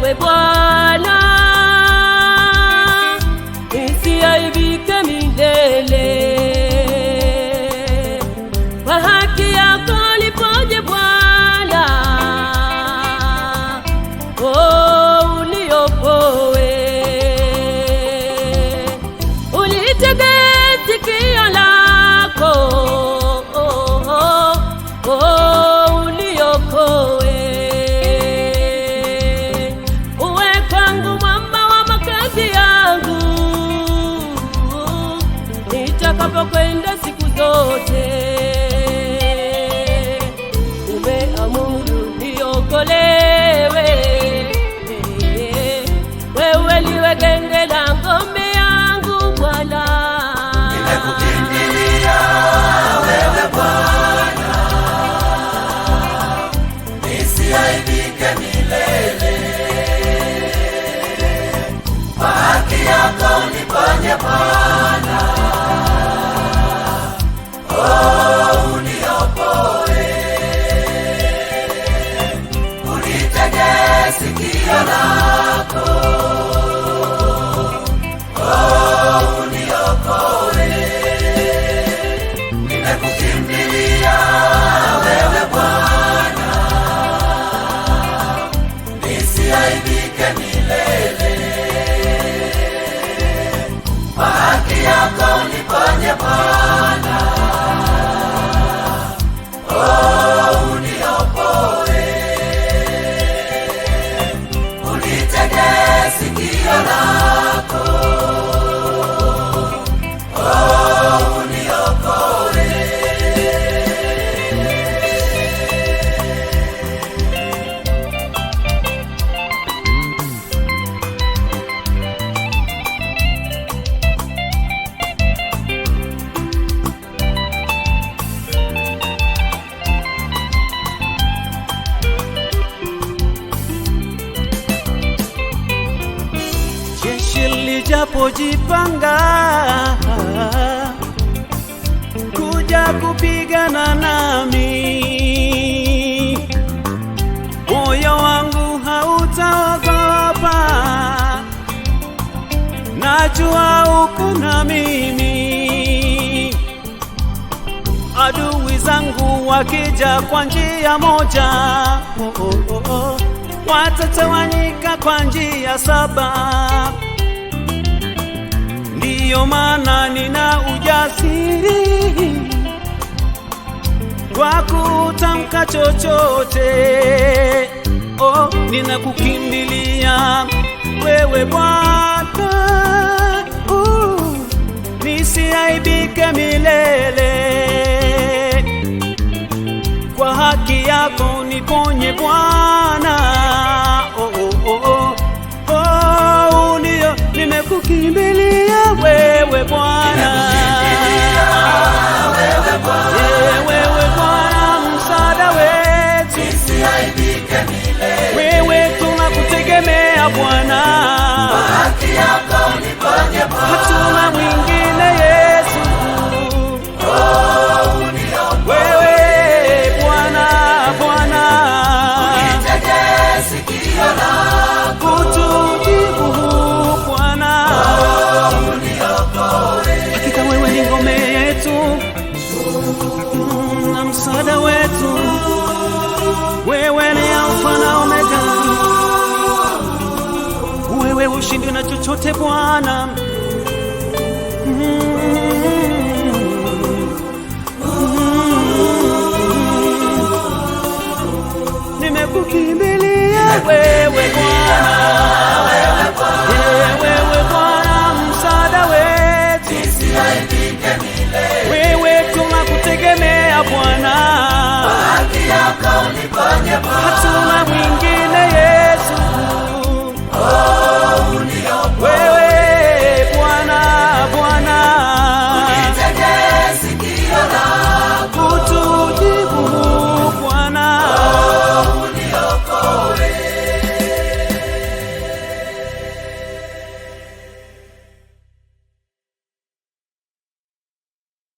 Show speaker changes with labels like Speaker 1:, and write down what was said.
Speaker 1: Телебаля tunapokwenda siku zote. Umeamuru niokolewe, wewe liwe genge la ngome yangu Bwana,
Speaker 2: nimekukimbilia wewe Bwana, nisiaibike milele, kwa haki yako uniponye Bwana.
Speaker 3: unapojipanga kuja kupigana nami, moyo wangu hautaogopa, najua uko na mimi. Adui zangu wakija kwa njia moja, oh, oh, oh, watatawanyika kwa njia saba ndiyo maana nina ujasiri wa kutamka chochote. Oh, ninakukimbilia wewe Bwana, nisiaibike milele. Kwa haki yako niponye Bwana. ushindwe na chochote Bwana mm.